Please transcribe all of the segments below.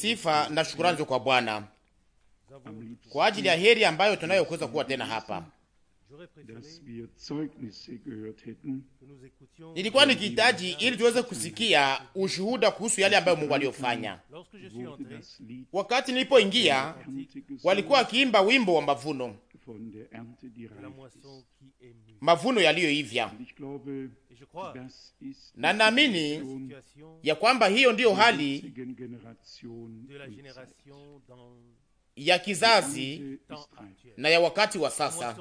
Sifa na shukurani kwa Bwana kwa ajili ya heri ambayo tunayokuweza kuwa tena hapa dass wir Zeugnisse gehört hätten. Nilikuwa nikihitaji ili tuweze kusikia ushuhuda kuhusu yale ambayo Mungu aliyofanya. Wakati nilipoingia, walikuwa wakiimba wimbo wa mavuno, mavuno yaliyoivya, na naamini ya kwamba hiyo ndiyo hali ya kizazi na ya wakati wa sasa.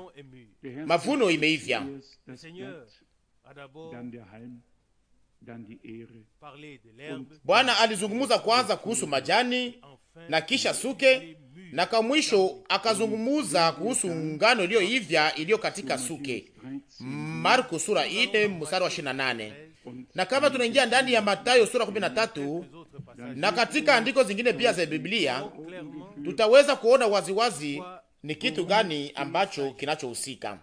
Mavuno imeivya. Bwana alizungumza kwanza kuhusu majani na kisha suke, na kwa mwisho akazungumuza kuhusu ngano iliyoivya iliyo katika suke. Marko sura ine mstari wa 28. Na kama tunaingia ndani ya Mathayo sura 13 na katika andiko zingine pia za Biblia, tutaweza kuona waziwazi ni kitu gani ambacho kinachohusika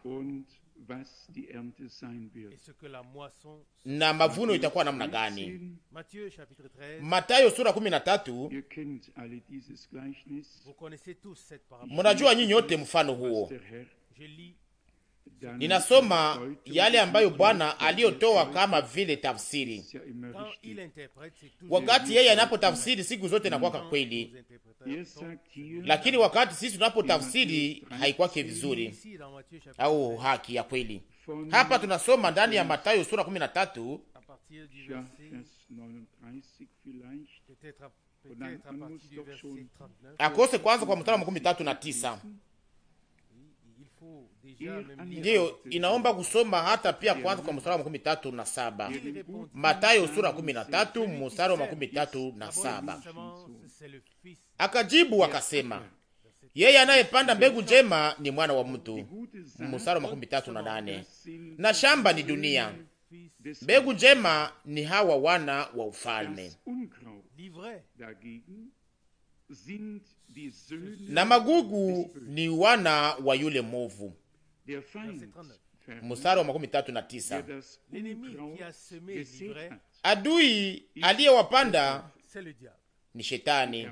na mavuno itakuwa namna gani? Matayo sura kumi na tatu. munajua nyinyi nyote mfano huo ninasoma yale ambayo Bwana aliyotoa kama vile tafsiri. Wakati yeye anapotafsiri siku zote nakwaka kweli, lakini wakati sisi tunapotafsiri haikwake vizuri au haki ya kweli. Hapa tunasoma ndani ya Mathayo sura 13 akose kwanza kwa mstari wa makumi tatu na tisa ndiyo inaomba kusoma hata pia kwanza kwa mstari wa makumi tatu na saba Matayo sura kumi na tatu mstari wa makumi tatu na saba Akajibu akasema yeye anayepanda mbegu njema ni mwana wa mtu. Mstari wa makumi tatu na nane na shamba ni dunia, mbegu njema ni hawa wana wa ufalme na magugu ni wana wa yule mwovu mstari wa makumi tatu na tisa adui aliyewapanda ni Shetani,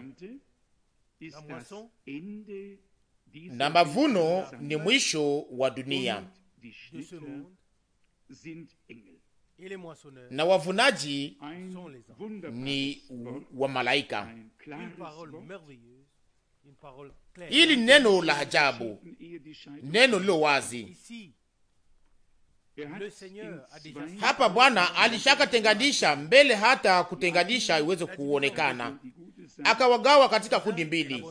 na mavuno ni mwisho wa dunia, na wavunaji ni wa malaika. Hili ni neno la ajabu, neno lilo wazi hapa. Bwana alishaka tengadisha mbele, hata kutenganisha iweze kuonekana, akawagawa katika kundi mbili.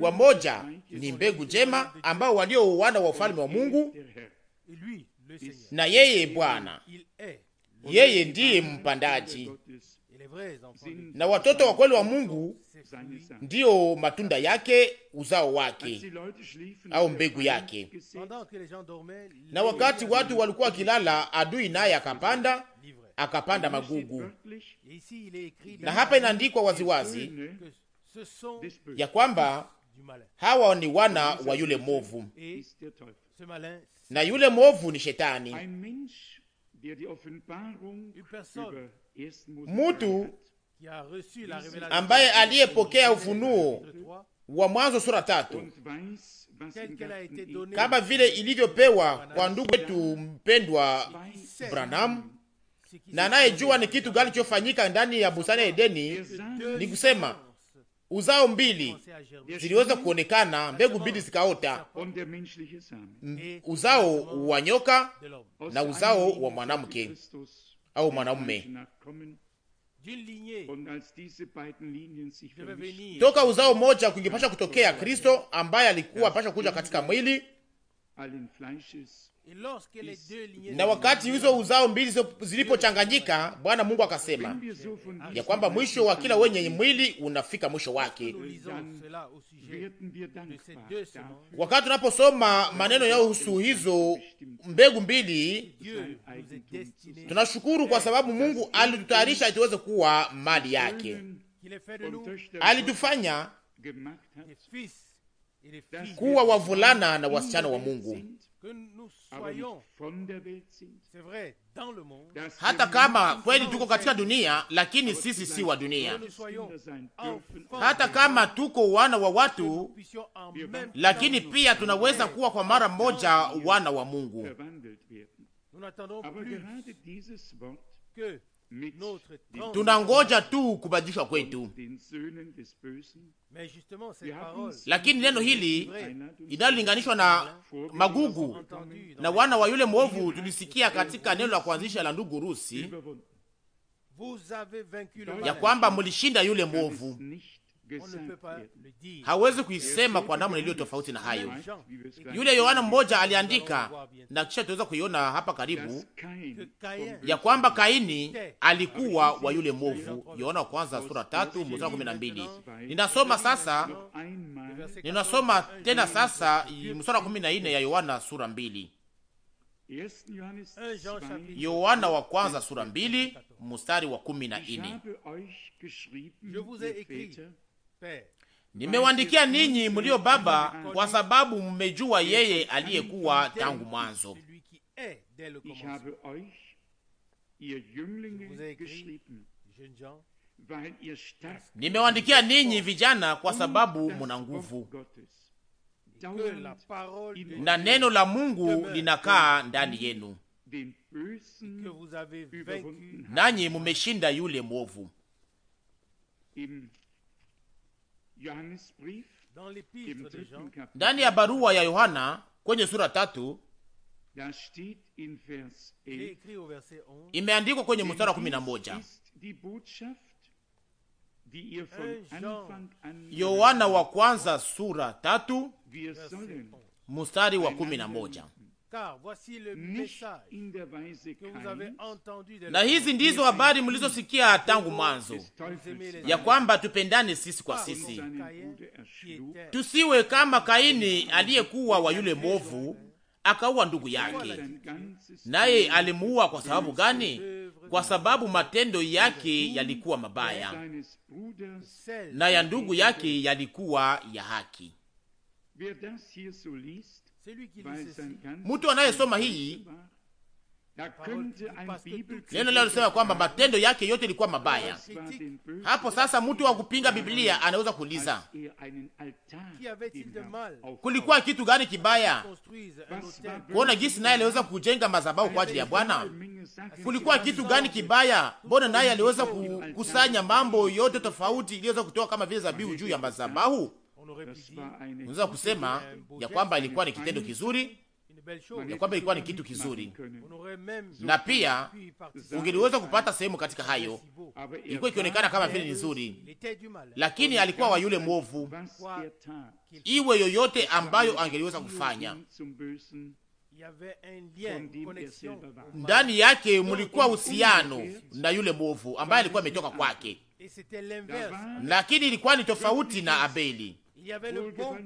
Wamoja ni mbegu njema, ambao walio wana wa ufalme wa Mungu, na yeye Bwana, yeye ndiye mpandaji na watoto wa kweli wa Mungu ndiyo matunda yake, uzao wake au mbegu yake. Na wakati watu walikuwa wakilala, adui naye akapanda, akapanda magugu. Na hapa inaandikwa waziwazi ya kwamba hawa ni wana wa yule mwovu, na yule mwovu ni Shetani mtu ambaye aliyepokea ufunuo wa Mwanzo sura tatu kama vile ilivyopewa kwa ndugu wetu mpendwa Branham na anayejua ni kitu gani chofanyika ndani ya bustani ya Edeni, ni kusema uzao mbili ziliweza kuonekana, mbegu mbili zikaota, uzao wa nyoka na uzao wa mwanamke au mwanaume toka uzao moja kungepasha kutokea Kristo ambaye alikuwa pasha kuja katika mwili na wakati hizo uzao mbili zilipochanganyika, Bwana Mungu akasema ya kwamba mwisho wa kila wenye mwili unafika mwisho wake. Wakati tunaposoma maneno yao husu hizo mbegu mbili, tunashukuru kwa sababu Mungu alitutayarisha tuweze kuwa mali yake, alitufanya kuwa wavulana na wasichana wa Mungu, hata kama kweli tuko katika dunia, lakini sisi si wa dunia. Hata kama tuko wana wa watu, lakini pia tunaweza kuwa kwa mara moja wana wa Mungu tunangoja tu kubadilishwa kwetu. Lakini neno hili inalinganishwa na magugu na wana wa yule mwovu, tulisikia katika neno la kuanzisha la ndugu Rusi ya kwamba mulishinda yule mwovu hawezi kuisema kwa namna iliyo tofauti na hayo. Yule Yohana mmoja aliandika, na kisha tuweza kuiona hapa karibu ya kwamba Kaini alikuwa wa yule mwovu. Yohana wa kwanza sura tatu mstari kumi na mbili. Ninasoma sasa, ninasoma tena sasa mstari kumi na nne ya Yohana sura mbili. Yohana wa kwanza sura mbili mstari wa kumi na nne. Nimewaandikia ninyi mlio baba, kwa sababu mmejua yeye aliyekuwa tangu mwanzo. Nimewaandikia ninyi vijana, kwa sababu muna nguvu na neno la Mungu linakaa ndani yenu, nanyi mumeshinda yule mwovu ndani ya barua ya Yohana kwenye sura tatu imeandikwa kwenye mstari wa kumi na moja Yohana wa kwanza sura tatu mstari wa kumi na moja na hizi ndizo habari mlizosikia tangu mwanzo, ya kwamba tupendane sisi kwa sisi, tusiwe kama Kaini aliyekuwa wa yule mwovu akauwa ndugu yake. Naye alimuua kwa sababu gani? Kwa sababu matendo yake yalikuwa mabaya na ya ndugu yake yalikuwa ya haki. Mtu anayesoma hii neno leo kwamba matendo yake yote ilikuwa mabaya. Hapo sasa, mtu wa kupinga Biblia anaweza kuuliza er kulikuwa kitu gani kibaya kuona jinsi naye aliweza kujenga madhabahu kwa ajili ya Bwana? Kulikuwa kitu gani kibaya? Mbona naye aliweza kukusanya mambo yote tofauti iliyoweza kutoka kama vile zabihu juu ya madhabahu? unaweza kusema ya kwamba ilikuwa ni kitendo kizuri, ya kwamba ilikuwa ni kitu kizuri, na pia ungeliweza kupata sehemu katika hayo. Ilikuwa ikionekana kama vile ni nzuri, lakini alikuwa wa yule mwovu, iwe yoyote ambayo angeliweza kufanya ndani yake mulikuwa uhusiano na yule mwovu ambaye alikuwa ametoka kwake, lakini ilikuwa ni tofauti na Abeli.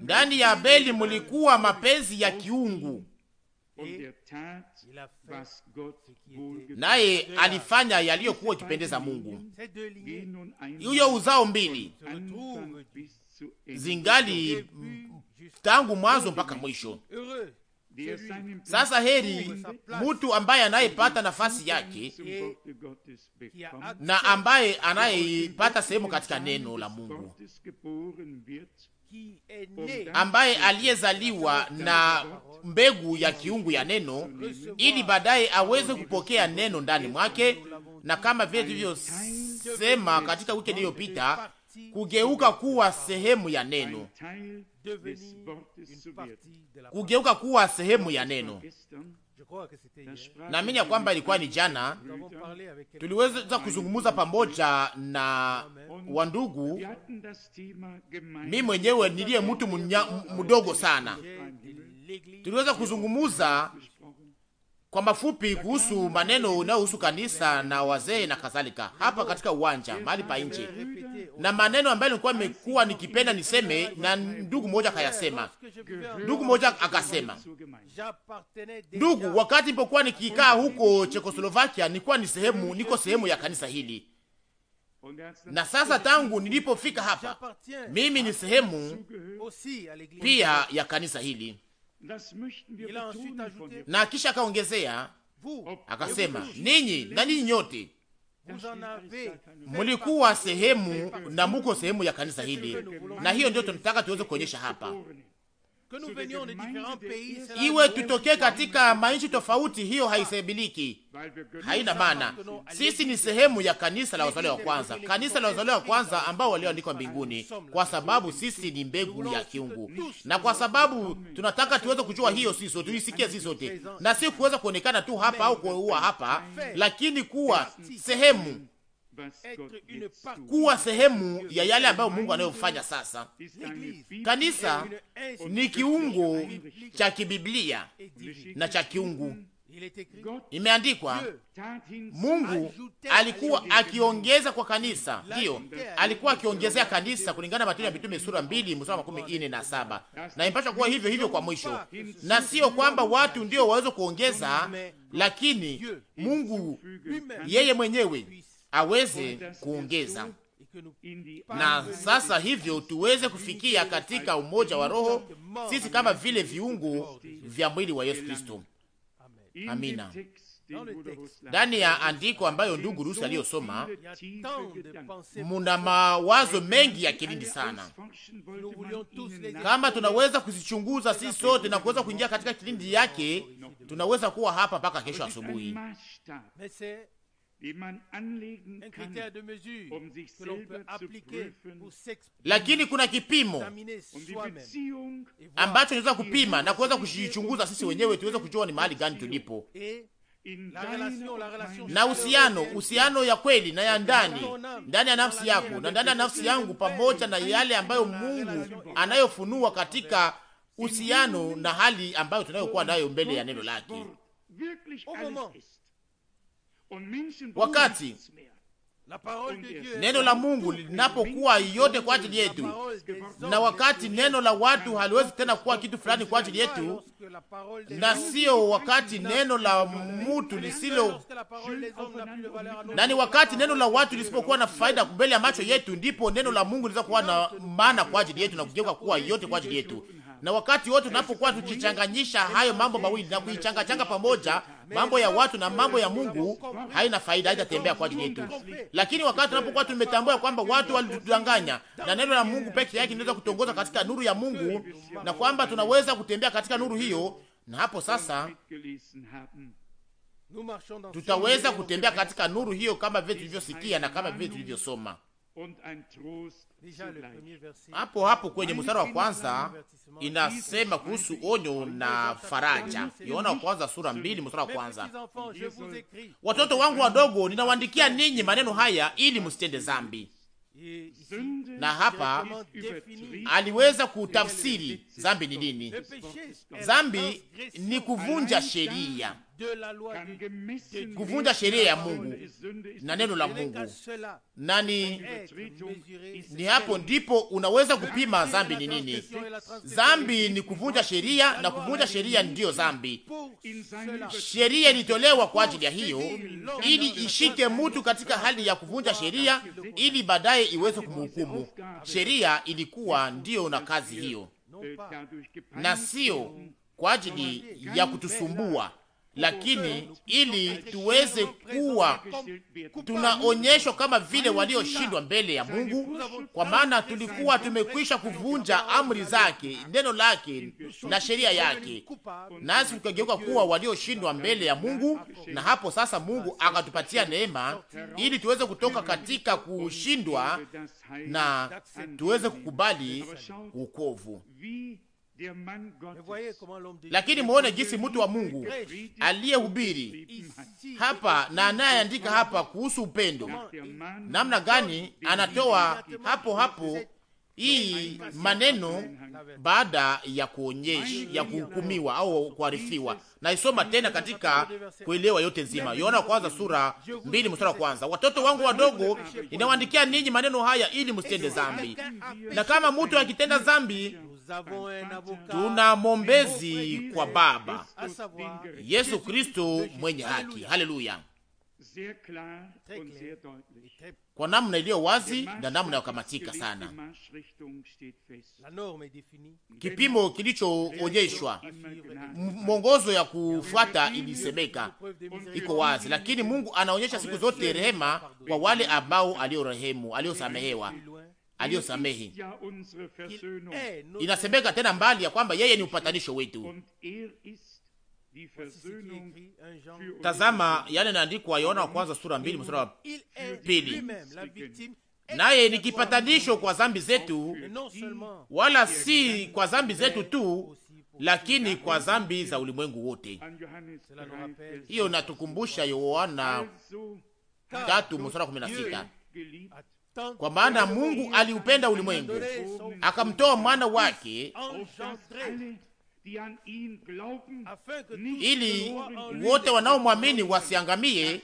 Ndani ya Abeli mulikuwa mapenzi ya kiungu, naye alifanya yaliyokuwa ikipendeza Mungu. Hiyo uzao mbili zingali tangu mwanzo mpaka mwisho. Sasa heri mtu ambaye anayepata nafasi yake na ambaye anayepata sehemu katika neno la Mungu ambaye aliyezaliwa na mbegu ya kiungu ya neno, ili baadaye aweze kupokea neno ndani mwake, na kama vile tulivyosema katika wiki iliyopita, kugeuka kuwa sehemu ya neno, kugeuka kuwa sehemu ya neno. Naamini ya kwamba ilikuwa ni jana tuliweza kuzungumza pamoja na wandugu. Mi mwenyewe niliye mtu mdogo sana, tuliweza kuzungumza kwa mafupi kuhusu maneno unayohusu kanisa na wazee na kadhalika, hapa katika uwanja mahali pa nje, na maneno ambayo nilikuwa nimekuwa nikipenda niseme, na ndugu mmoja akayasema. Ndugu mmoja akasema, ndugu, wakati nilipokuwa nikikaa huko Chekoslovakia nilikuwa ni sehemu, niko sehemu ya kanisa hili, na sasa tangu nilipofika hapa mimi ni sehemu pia ya kanisa hili. Na kisha akaongezea akasema, ninyi na ninyi nyote mulikuwa sehemu na muko sehemu ya kanisa hili, na hiyo ndio tunataka tuweze kuonyesha hapa iwe tutokee katika maishi tofauti, hiyo haisabiliki, haina maana. Sisi ni sehemu ya kanisa la wazaliwa wa kwanza, kanisa la wazaliwa wa kwanza ambao walioandikwa mbinguni, kwa sababu sisi ni mbegu ya kiungu, na kwa sababu tunataka tuweze kujua hiyo, sisi sote tuisikie, sisi sote, na si kuweza kuonekana tu hapa au kuua hapa, lakini kuwa sehemu kuwa sehemu ya yale ambayo Mungu anayofanya sasa. Kanisa ni kiungo cha kibiblia na cha kiungu. Imeandikwa Mungu alikuwa akiongeza kwa kanisa, ndiyo alikuwa akiongezea kanisa kulingana na Matendo ya Mitume sura mbili mstari makumi ine na saba na impasha kuwa hivyo hivyo kwa mwisho, na sio kwamba watu ndio waweze kuongeza, lakini Mungu yeye mwenyewe aweze kuongeza na sasa hivyo tuweze kufikia katika umoja wa Roho, sisi kama vile viungu vya mwili wa Yesu Kristo. Amina. Ndani ya andiko ambayo ndugu Rusi aliyosoma, muna mawazo mengi ya kilindi sana. Kama tunaweza kuzichunguza sisi sote na kuweza kuingia katika kilindi yake, tunaweza kuwa hapa mpaka kesho asubuhi critère de mesure um que l'on peut appliquer pour lakini kuna kipimo um ambacho tunaweza kupima na kuweza kujichunguza sisi wenyewe, tuweze kujua ni mahali gani tulipo na uhusiano uhusiano ya kweli na ya ndani ndani ya nafsi yako na ndani ya nafsi yangu, pamoja na yale ambayo Mungu anayofunua katika uhusiano na hali ambayo tunayokuwa nayo mbele ya neno lake wakati neno la Mungu linapokuwa yote kwa ajili yetu, na wakati neno la watu haliwezi tena kuwa kitu fulani kwa ajili yetu, na sio wakati neno la mutu lisilo na, ni wakati neno la watu lisipokuwa na faida mbele ya macho yetu, ndipo neno la Mungu linaweza kuwa na maana kwa ajili yetu na kugeuka kuwa yote kwa ajili yetu. Na wakati wote tunapokuwa tukichanganyisha hayo mambo mawili na kuichangachanga pamoja mambo ya watu na mambo ya Mungu haina faida, haitatembea kwa ajili yetu. Lakini wakati tunapokuwa tumetambua kwamba watu walitudanganya na neno la Mungu pekee yake linaweza kutongoza katika nuru ya Mungu na kwamba tunaweza kutembea katika nuru hiyo, na hapo sasa tutaweza kutembea katika nuru hiyo kama vile tulivyosikia na kama vile tulivyosoma. Hapo hapo kwenye mstari wa kwanza inasema kuhusu onyo na faraja. Yohana wa kwanza sura mbili mstari wa kwanza watoto wangu wadogo, ninawaandikia ninyi maneno haya ili msitende zambi. Na hapa aliweza kutafsiri zambi ni nini. Zambi ni kuvunja sheria kuvunja sheria ya Mungu na neno la Mungu nani, ni hapo ndipo unaweza kupima zambi ni nini. Zambi ni kuvunja sheria, na kuvunja sheria ndiyo zambi. Sheria ilitolewa kwa ajili ya hiyo, ili ishike mutu katika hali ya kuvunja sheria, ili baadaye iweze kumhukumu. Sheria ilikuwa ndiyo na kazi hiyo, na sio kwa ajili ya kutusumbua lakini ili tuweze kuwa tunaonyeshwa kama vile walioshindwa mbele ya Mungu, kwa maana tulikuwa tumekwisha kuvunja amri zake, neno lake na sheria yake, nasi tukageuka kuwa walioshindwa mbele ya Mungu. Na hapo sasa Mungu akatupatia neema ili tuweze kutoka katika kushindwa na tuweze kukubali ukovu. Lakini mwone jinsi mtu wa Mungu aliyehubiri hapa na anayeandika hapa kuhusu upendo, namna gani anatoa hapo hapo hii maneno baada ya kuonyesha ya kuhukumiwa au kuarifiwa. Naisoma tena katika kuelewa yote nzima. Yohana kwanza sura mbili mstari wa kwanza, watoto wangu wadogo, ninawaandikia ninyi maneno haya ili msitende zambi na kama mtu akitenda zambi tuna mombezi kwa Baba Yesu Kristo mwenye haki. Haleluya! Kwa namna iliyo wazi na namna ya kukamatika sana, kipimo kilichoonyeshwa, mwongozo ya kufuata ilisemeka, iko wazi. Lakini Mungu anaonyesha siku zote rehema kwa wale ambao aliorehemu aliosamehewa aliyosamehi. Eh, inasemeka tena mbali ya kwamba yeye ni upatanisho wetu. Er eh, Tazama yale naandikwa Yohana wa kwanza sura mbili mstari wa pili naye eh, ni kipatanisho kwa zambi zetu, wala si kwa zambi zetu tu, lakini kwa zambi za ulimwengu wote. Hiyo natukumbusha Yohana tatu mstari wa kumi na sita. Kwa maana Mungu aliupenda ulimwengu akamtoa mwana wake ili wote wanaomwamini wasiangamie,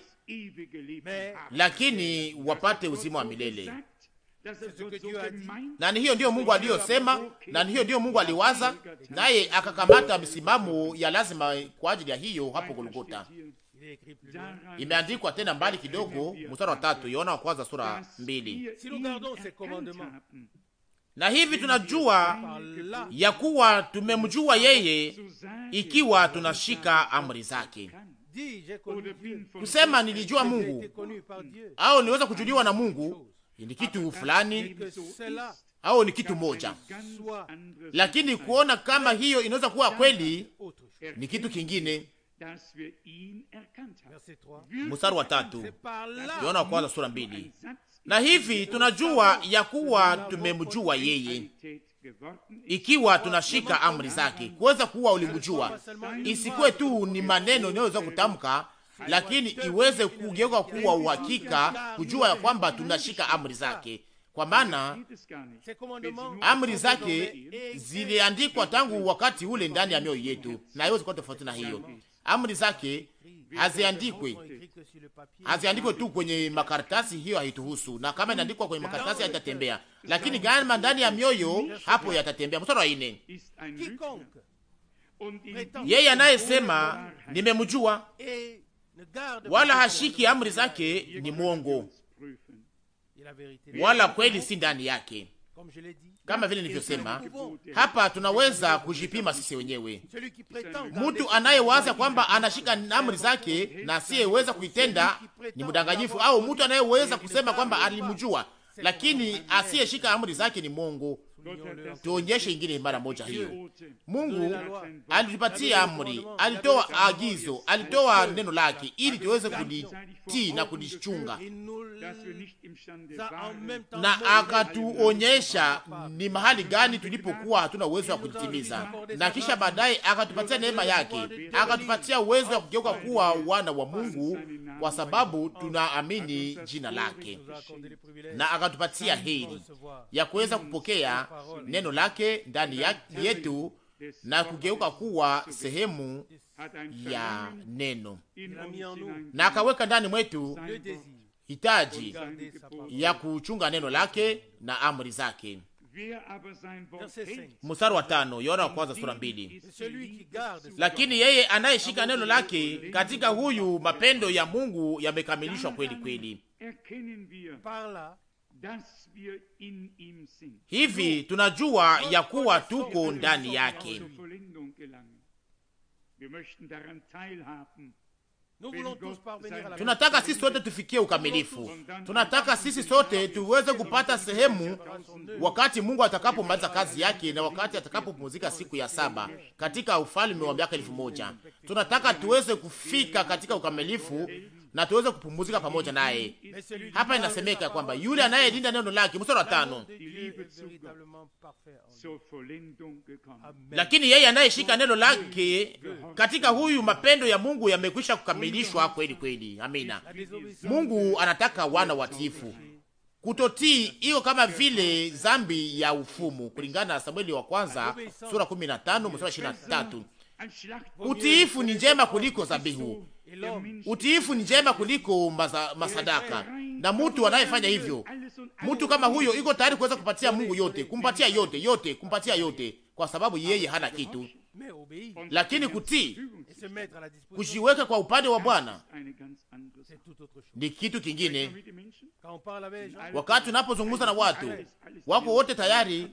lakini wapate uzima wa milele. Na ni hiyo ndiyo Mungu aliyosema, na ni hiyo ndiyo Mungu aliwaza, naye akakamata misimamo ya lazima kwa ajili ya hiyo hapo Golgota. Imeandikwa tena mbali kidogo, mstari wa tatu, Yohana wa kwanza sura mbili. Na hivi tunajua ya kuwa tumemjua yeye ikiwa tunashika amri zake. Kusema nilijua Mungu mm. au niweza kujuliwa na Mungu ni kitu fulani au ni kitu moja, lakini kuona kama hiyo inaweza kuwa kweli ni kitu kingine mstari wa tatu Yohana wa kwanza sura mbili. Na hivi tunajua ya kuwa tumemjua yeye ikiwa tunashika amri zake. Kuweza kuwa ulimjua isikuwe tu ni maneno inayoweza kutamka, lakini iweze kugeuka kuwa uhakika, kujua ya kwamba tunashika amri zake, kwa maana amri zake ziliandikwa tangu wakati ule ndani ya mioyo yetu, na haiwezi kuwa tofauti na hiyo amri zake haziandikwe haziandikwe tu kwenye makaratasi, hiyo haituhusu. Na kama inaandikwa kwenye makaratasi haitatembea, lakini gama ndani ya mioyo, hapo yatatembea. Mstari wa nne, yeye anayesema nimemjua wala hashiki amri zake ni mwongo, wala kweli si ndani yake. Kama vile nilivyosema hapa, tunaweza kujipima sisi wenyewe. Mtu anayewaza kwamba anashika amri zake na asiyeweza kuitenda ni mdanganyifu, au mtu anayeweza kusema kwamba alimjua lakini asiyeshika amri zake ni Mungu tuonyeshe ingine mara moja hiyo. Mungu alitupatia amri, alitoa agizo, alitoa neno lake ili tuweze kulitii na kulichunga, na akatuonyesha ni mahali gani tulipokuwa hatuna uwezo wa kujitimiza, na kisha baadaye akatupatia neema yake, akatupatia uwezo wa kugeuka kuwa wana wa Mungu kwa sababu tunaamini jina lake, na akatupatia heri ya kuweza kupokea neno lake ndani yetu na kugeuka kuwa sehemu ya neno, na akaweka ndani mwetu hitaji ya kuchunga neno lake na amri zake. Mstari wa tano, Yohana wa kwanza sura mbili. Lakini yeye anayeshika neno lake, katika huyu mapendo ya Mungu yamekamilishwa kweli kweli. Hivi tunajua ya kuwa tuko ndani yake. Tunataka sisi sote tufikie ukamilifu. Tunataka sisi sote tuweze kupata sehemu wakati Mungu atakapomaliza kazi yake na wakati atakapopumzika siku ya saba katika ufalme wa miaka elfu moja. Tunataka tuweze kufika katika ukamilifu na tuweze kupumzika pamoja naye. Hapa inasemeka kwamba yule anayelinda neno lake, mstari wa tano, lakini yeye anayeshika neno lake, katika huyu mapendo ya Mungu yamekwisha kukamilishwa kweli kweli. Amina. Mungu anataka wana watiifu kutotii hiyo kama vile zambi ya ufumu, kulingana na Samueli wa kwanza sura 15 mstari 23. Utiifu ni njema kuliko zabihu, Utiifu ni njema kuliko masadaka, na mtu anayefanya hivyo, mtu kama huyo iko tayari kuweza kupatia Mungu yote, kumpatia yote yote, kumpatia yote, kwa sababu yeye hana kitu. Lakini kutii, kujiweka kwa upande wa Bwana ni kitu kingine. Wakati unapozungumza na watu wako wote tayari,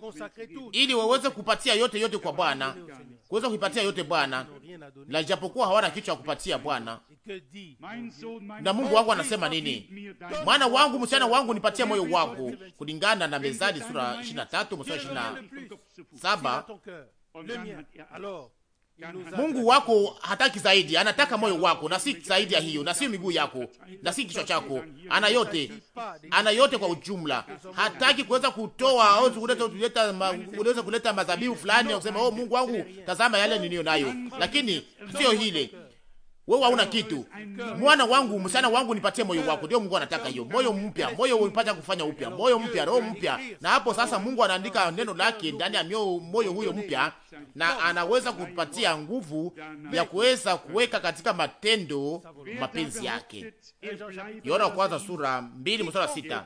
ili waweze kupatia yote yote kwa Bwana kuweza kuipatia yote Bwana, na japokuwa hawana kitu ya kupatia Bwana. Na Mungu wangu anasema nini? Mwana wangu, msichana wangu, nipatie moyo wako, kulingana na Mezali sura 23 mstari 27. Mungu wako hataki zaidi, anataka moyo wako na si zaidi ya hiyo, na sio miguu yako na si kichwa chako. Ana yote, ana yote kwa ujumla. Hataki kuweza kutoa au kuleta kuleta kuleta madhabihu fulani na kusema oh, Mungu wangu, tazama yale niliyo nayo, lakini sio hile wewe hauna kitu. Mwana wangu, msana wangu, nipatie moyo wako. Ndio Mungu anataka hiyo, moyo mpya, moyo ulipata kufanya upya, moyo mpya, roho mpya. Na hapo sasa Mungu anaandika neno lake ndani ya mioyo, moyo huyo mpya, na anaweza kupatia nguvu ya kuweza kuweka katika matendo mapenzi yake. Yohana wa kwanza sura mbili mstari sita.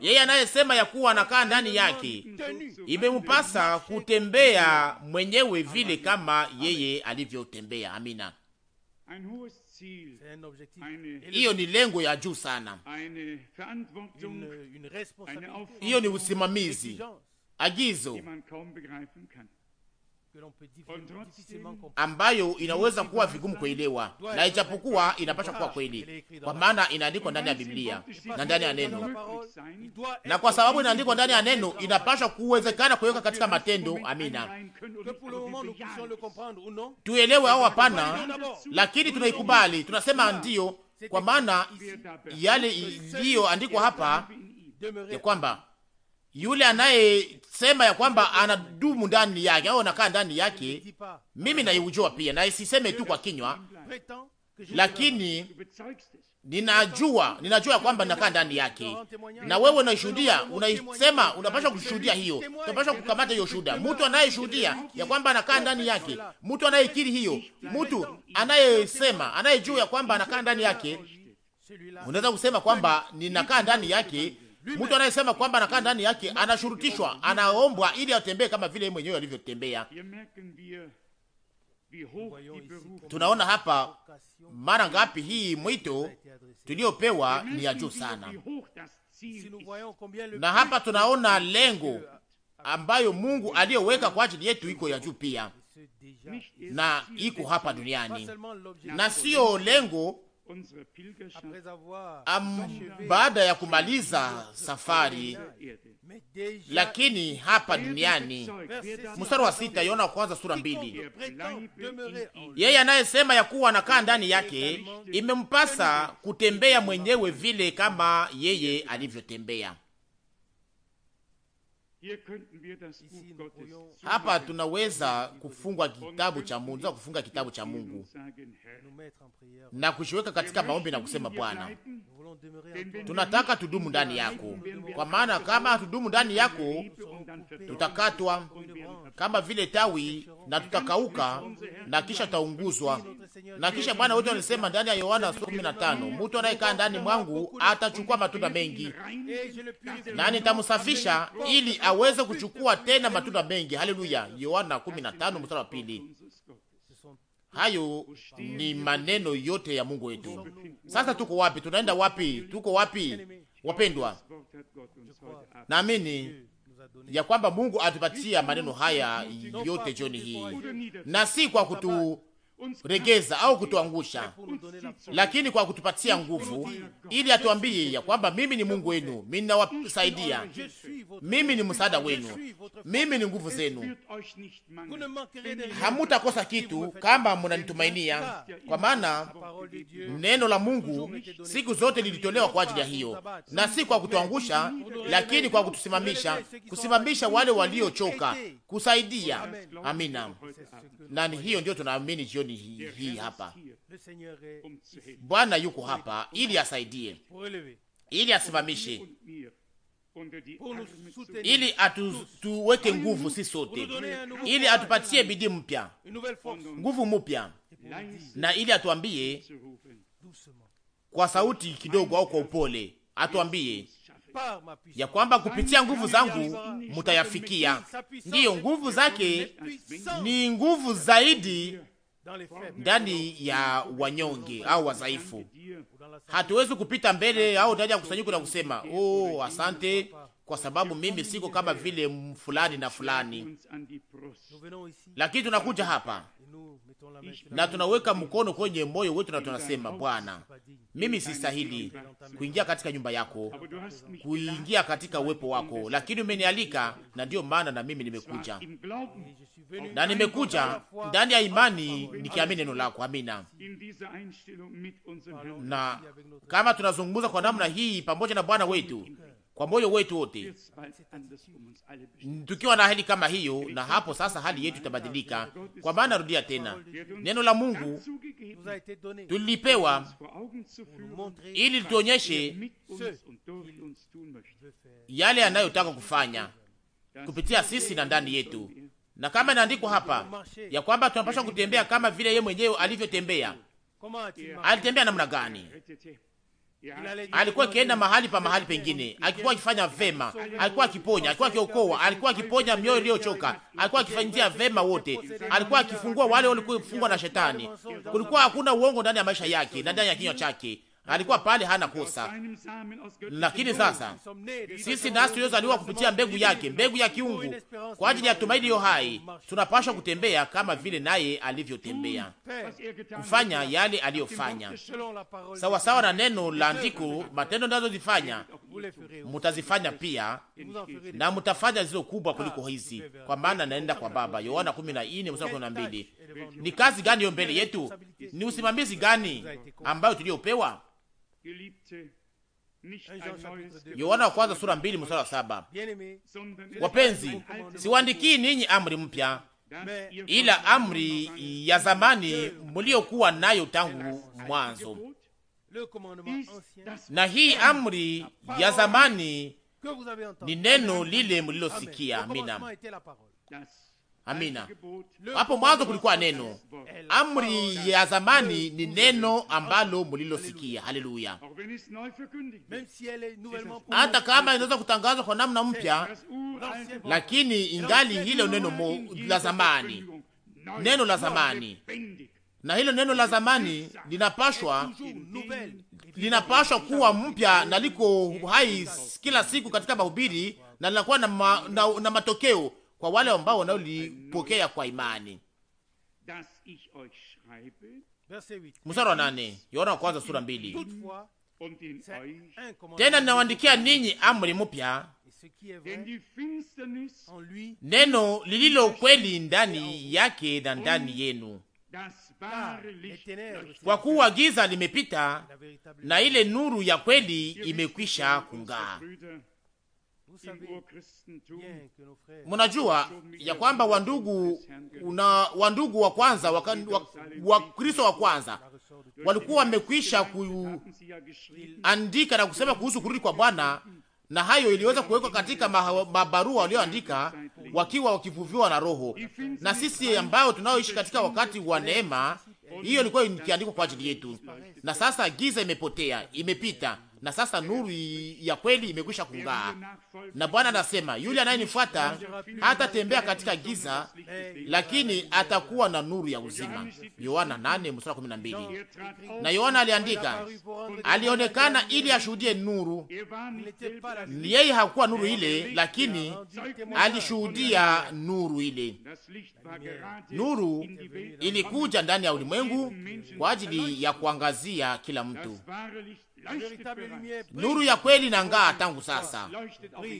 Yeye anayesema ya kuwa anakaa ndani yake, imempasa kutembea mwenyewe vile kama yeye alivyotembea. Amina. Hiyo ni lengo ya juu sana, hiyo ni usimamizi, agizo ambayo inaweza kuwa vigumu kuelewa, na ijapokuwa inapasha kuwa kweli, kwa maana inaandikwa ndani ya Biblia na ndani ya neno, na kwa sababu inaandikwa ndani ya neno inapasha kuwezekana kuweka katika matendo. Amina, tuelewe au hapana, lakini tunaikubali, tunasema ndiyo, kwa maana yale iliyoandikwa hapa ya kwamba yule anayesema ya kwamba anadumu ndani yake au anakaa ndani yake, mimi naiujua pia, na isiseme tu kwa kinywa, lakini ninajua ninajua kwamba nakaa ndani yake, na wewe unashuhudia, unaisema, unapaswa kushuhudia hiyo, unapaswa kukamata hiyo shuhuda. Mtu anayeshuhudia ya kwamba anakaa ndani yake, mtu anayekiri hiyo, mtu anayesema, anayejua ya kwamba anakaa ndani yake, unaweza kusema kwamba ninakaa ndani yake Mtu anayesema kwamba anakaa ndani yake anashurutishwa, anaombwa ili atembee kama vile yeye mwenyewe alivyotembea. Tunaona hapa mara ngapi hii mwito tuliyopewa ni ya juu sana, na hapa tunaona lengo ambayo Mungu aliyoweka kwa ajili yetu iko ya juu pia, na iko hapa duniani, na siyo lengo baada ya kumaliza safari, lakini hapa duniani. Mstari wa sita, Yohana kwanza sura mbili. Yeye anayesema ya kuwa anakaa ndani yake, imempasa kutembea mwenyewe vile kama yeye alivyotembea. Hapa tunaweza kufungwa kitabu cha Mungu, tunaweza kufunga kitabu cha Mungu na kushiweka katika maombi na kusema, Bwana, tunataka tudumu ndani yako, kwa maana kama hatudumu ndani yako tutakatwa kama vile tawi na tutakauka na kisha taunguzwa na kisha Bwana wetu alisema ndani ya Yohana kumi na tano, mtu anayekaa ndani mwangu atachukua matunda mengi, na nitamsafisha ili aweze kuchukua tena matunda mengi. Haleluya! Yohana kumi na tano mstari wa pili. Hayo ni maneno yote ya Mungu wetu. Sasa tuko wapi? Tunaenda wapi? Tuko wapi, wapendwa? Naamini ya kwamba Mungu atupatia maneno haya yote jioni hii, na si kwa kutu kuregeza au kutuangusha, lakini kwa kutupatia nguvu, ili atuambie ya kwamba mimi ni Mungu wenu, mimi ninawasaidia, mimi ni msaada wenu, mimi ni nguvu zenu. Hamutakosa kitu kama munanitumainia, kwa maana neno la Mungu siku zote lilitolewa kwa ajili ya hiyo, na si kwa kutuangusha, lakini kwa kutusimamisha, kusimamisha wale waliochoka, kusaidia. Amina. Na hiyo ndio tunaamini jioni hii hi, hapa. Bwana yuko hapa ili asaidie, ili asimamishe ili atuweke nguvu si sote, ili atupatie bidii mpya, nguvu mpya, na ili atuambie kwa sauti kidogo au kwa upole, atuambie ya kwamba kupitia nguvu zangu mutayafikia. Ndiyo, nguvu zake ni nguvu zaidi ndani ya wanyonge au wadhaifu. Hatuwezi kupita mbele au ndani ya kusanyiko na kusema oh, asante kwa sababu mimi siko kama vile fulani na fulani, lakini tunakuja hapa na tunaweka mkono kwenye moyo wetu na tunasema, Bwana, mimi sistahili kuingia katika nyumba yako, kuingia katika uwepo wako, lakini umenialika, na ndiyo maana na mimi nimekuja, na nimekuja ndani ya imani nikiamini neno lako. Amina. Na kama tunazungumza kwa namna hii pamoja na Bwana wetu kwa moyo wetu wote, tukiwa na hali kama hiyo, na hapo sasa hali yetu itabadilika. Kwa maana rudia tena, neno la Mungu tulipewa ili tuonyeshe yale anayotaka kufanya kupitia sisi na ndani yetu, na kama inaandikwa hapa ya kwamba tunapaswa kutembea kama vile yeye mwenyewe alivyotembea. Alitembea namna gani? alikuwa akienda mahali pa mahali pengine, alikuwa akifanya vema, alikuwa akiponya, alikuwa akiokoa, alikuwa akiponya mioyo iliyochoka, alikuwa akifanyia vema wote, alikuwa akifungua wale walikuwa kufungwa na shetani. Kulikuwa hakuna uongo ndani ya maisha yake na ndani ya kinywa chake alikuwa pale, hana kosa. Lakini sasa sisi nasi tuliozaliwa kupitia mbegu yake, mbegu ya kiungu, kwa ajili ya tumaini hiyo hai, tunapashwa kutembea kama vile naye alivyotembea, kufanya yale aliyofanya, sawa sawa na neno la andiko, matendo nazozifanya mutazifanya pia, na mutafanya zizo kubwa kuliko hizi, kwa maana naenda kwa Baba. Yohana 14:12. Ni kazi gani hiyo mbele yetu? Ni usimamizi gani ambayo tuliyopewa? Äh, Yohana wa kwanza sura mbili mstari wa saba. Wapenzi, siwaandikii ninyi amri mpya, ila amri ya zamani mliokuwa nayo tangu mwanzo. Na hii amri ya zamani ni neno lile mlilosikia. Amina, amina. Hapo mwanzo kulikuwa neno, Amri ya zamani ni neno ambalo mulilosikia. Haleluya! Hata kama inaweza kutangazwa kwa namna mpya, lakini ingali hilo neno mo, la zamani, neno la zamani. Na hilo neno la zamani linapashwa linapashwa kuwa mpya na liko hai kila siku katika mahubiri na linakuwa na, ma, na, na matokeo kwa wale ambao wanaolipokea kwa imani mstari wa nane Yohana kwanza sura mbili. Tena ninawaandikia ninyi amri mpya, neno lililo kweli ndani yake na ndani yenu, kwa kuwa giza limepita na ile nuru ya kweli imekwisha kung'aa munajua ya kwamba wandugu na wandugu wa kwanza Wakristo wa, wa kwanza walikuwa wamekwisha kuandika na kusema kuhusu kurudi kwa Bwana, na hayo iliweza kuwekwa katika mabarua walioandika wakiwa wakivuviwa na Roho, na sisi ambao tunaoishi katika wakati wa neema, hiyo ilikuwa ikiandikwa kwa ajili yetu. Na sasa giza imepotea, imepita na sasa nuru ya kweli imekwisha kung'aa. Na Bwana anasema yule anayenifuata tembea katika giza, lakini atakuwa na nuru ya uzima. Yohana 8 mstari 12. Na Yohana aliandika, alionekana ili ashuhudie nuru. Yeye hakuwa nuru ile, lakini alishuhudia nuru ile. Nuru ilikuja ndani ya ulimwengu kwa ajili ya kuangazia kila mtu nuru ya kweli inang'aa tangu sasa.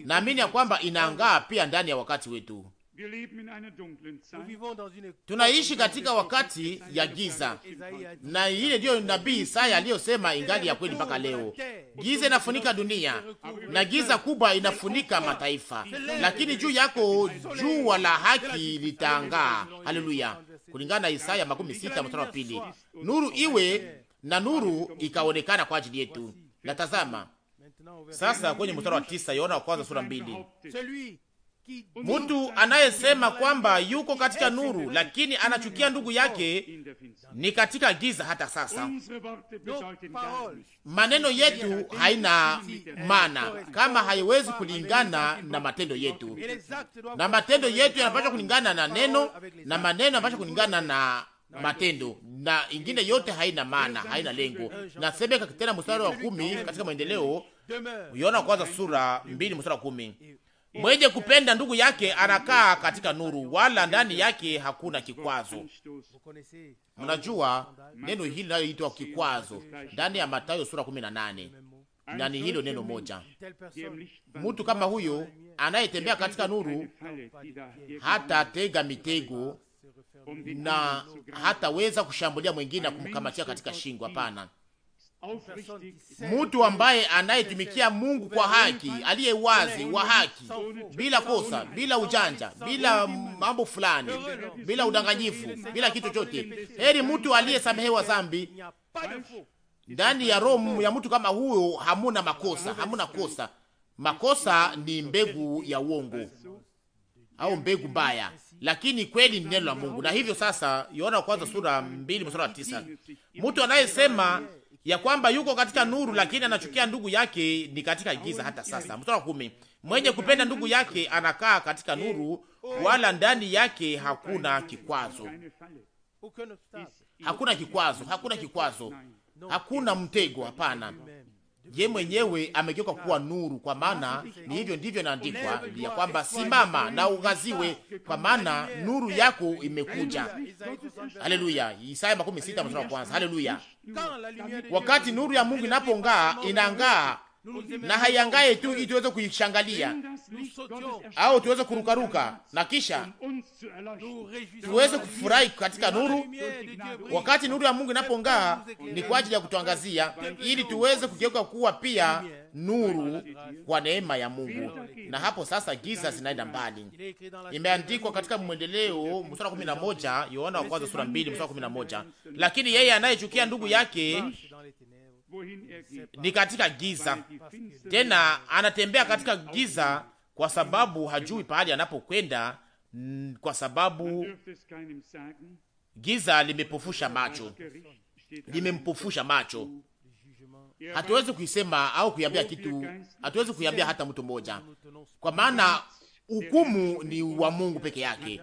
Naamini ya kwamba inang'aa pia ndani ya wakati wetu. Tunaishi katika wakati ya giza, na ile ndiyo nabii Isaya aliyosema ingali ya kweli mpaka leo. Giza inafunika dunia na giza kubwa inafunika mataifa, lakini juu yako jua la haki litaangaa Haleluya, kulingana na Isaya makumi sita mstari wa pili. Nuru iwe na nuru ikaonekana kwa ajili yetu. Na tazama sasa kwenye mstari wa tisa Yohana wa kwanza sura mbili mtu anayesema kwamba yuko katika nuru lakini anachukia ndugu yake ni katika giza hata sasa. Maneno yetu haina maana kama haiwezi kulingana na matendo yetu, na matendo yetu yanapaswa kulingana na neno, na maneno yanapaswa kulingana na matendo na ingine yote haina maana, haina lengo. Nasemeka tena mstari wa kumi katika maendeleo, uiona kwanza sura mbili mstari wa kumi mwenye kupenda ndugu yake anakaa katika nuru, wala ndani yake hakuna kikwazo. Mnajua neno hili linaloitwa kikwazo ndani ya Mathayo sura 18 ndani hilo neno moja, mtu kama huyo anayetembea katika nuru hata tega mitego na hataweza kushambulia mwingine na kumkamatia katika shingo. Hapana, mtu ambaye anayetumikia Mungu kwa haki, aliye wazi wa haki, bila kosa, bila ujanja, bila mambo fulani, bila udanganyifu, bila kitu chote. Heri mtu aliyesamehewa dhambi ndani ya roho ya mtu kama huyo, hamuna makosa, hamuna kosa. Makosa ni mbegu ya uongo au mbegu mbaya, lakini kweli ni neno la Mungu. Na hivyo sasa, Yohana kwanza sura mbili mstari wa tisa, mtu anayesema ya kwamba yuko katika nuru lakini anachukia ndugu yake ni katika giza hata sasa. Mstari wa kumi, mwenye kupenda ndugu yake anakaa katika nuru, wala ndani yake hakuna kikwazo, hakuna kikwazo, hakuna kikwazo, hakuna mtego. Hapana, ye mwenyewe amegeuka kuwa nuru, kwa maana ni hivyo ndivyo inaandikwa ya kwamba simama na ugaziwe, kwa maana nuru yako imekuja. Haleluya, Isaya makumi sita mstari wa kwanza. Haleluya, wakati nuru ya Mungu inapong'aa inang'aa na haiangaye tu ili tuweze kuishangalia au tuweze kurukaruka na kisha tuweze kufurahi katika nuru. Wakati nuru ya Mungu inapongaa, ni kwa ajili ya kutuangazia, ili tuweze kugeuka kuwa pia nuru kwa neema ya Mungu. Na hapo sasa giza zinaenda mbali. Imeandikwa katika mwendeleo mstari wa moja Yohana wa kwanza sura 2 mstari wa moja lakini yeye anayechukia ndugu yake ni katika giza, tena anatembea katika giza kwa sababu hajui pahali anapokwenda, kwa sababu giza limepofusha macho, limempofusha macho. Hatuwezi kuisema au kuiambia kitu, hatuwezi kuiambia hata mtu mmoja, kwa maana Hukumu ni wa Mungu peke yake.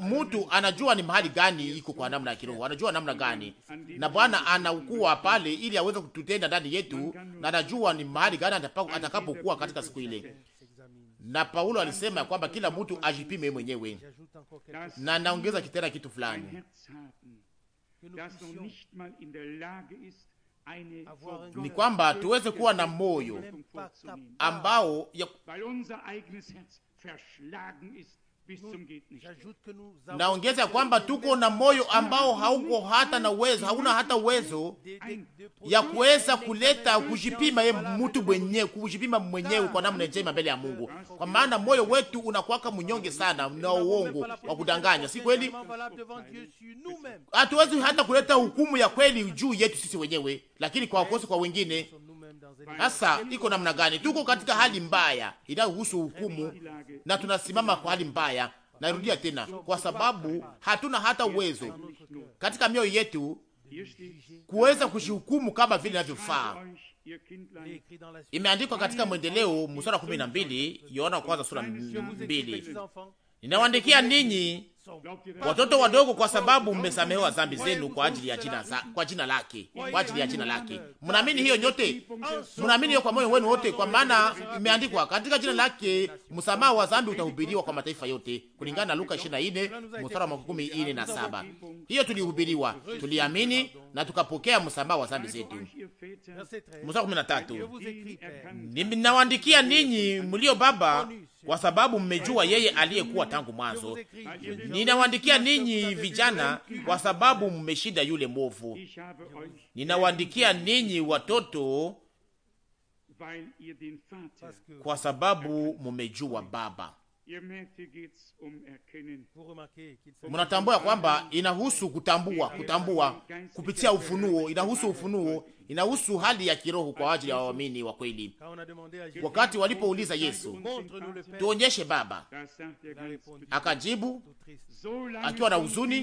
Mtu anajua ni mahali gani iko kwa namna ya kiroho, anajua namna gani, na Bwana anaukua pale ili aweze kututenda ndani yetu, na anajua ni mahali gani atakapokuwa katika siku ile. Na Paulo alisema ya kwamba kila mtu ajipime mwenyewe, na naongeza kitena kitu fulani ni kwamba tuweze kuwa na moyo ambao ya Naongeza kwamba tuko na moyo ambao hauko hata na uwezo, hauna hata uwezo ya kuweza kuleta kujipima ye mtu mwenyewe, kujipima mwenyewe kwa namna njema mbele ya Mungu, kwa maana moyo wetu unakwaka mnyonge sana na uongo wa kudanganya, si kweli? Hatuwezi hata kuleta hukumu ya kweli juu yetu sisi wenyewe, lakini kwa wakosi kwa wengine sasa iko namna gani? Tuko katika hali mbaya inayohusu hukumu na tunasimama kwa hali mbaya. Narudia tena, kwa sababu hatuna hata uwezo katika mioyo yetu kuweza kushihukumu kama vile inavyofaa. Imeandikwa katika mwendeleo msura kumi na mbili Yohana kwanza sura mbili Ninawaandikia ninyi watoto wadogo, kwa sababu mmesamehewa dhambi zenu kwa ajili ya jina za, kwa jina lake, kwa ajili ya jina lake. Mnaamini hiyo nyote? Mnaamini hiyo kwa moyo wenu wote? Kwa maana imeandikwa katika jina lake msamaha wa dhambi utahubiriwa kwa mataifa yote, kulingana na Luka 24 mstari wa makumi na saba. Hiyo tulihubiriwa, tuliamini na tukapokea msamaha wa dhambi zetu. Mstari wa 13, ninawaandikia ninyi mlio baba kwa sababu mmejua yeye aliyekuwa tangu mwanzo. Ninawaandikia ninyi vijana, kwa sababu mmeshinda yule mwovu. Ninawaandikia ninyi watoto, kwa sababu mmejua Baba. Um Munatambua kwamba inahusu kutambua, kutambua kupitia ufunuo, inahusu ufunuo, inahusu hali ya kiroho kwa ajili ya waamini wa kweli. Wakati walipouliza Yesu, tuonyeshe Baba, akajibu akiwa na huzuni,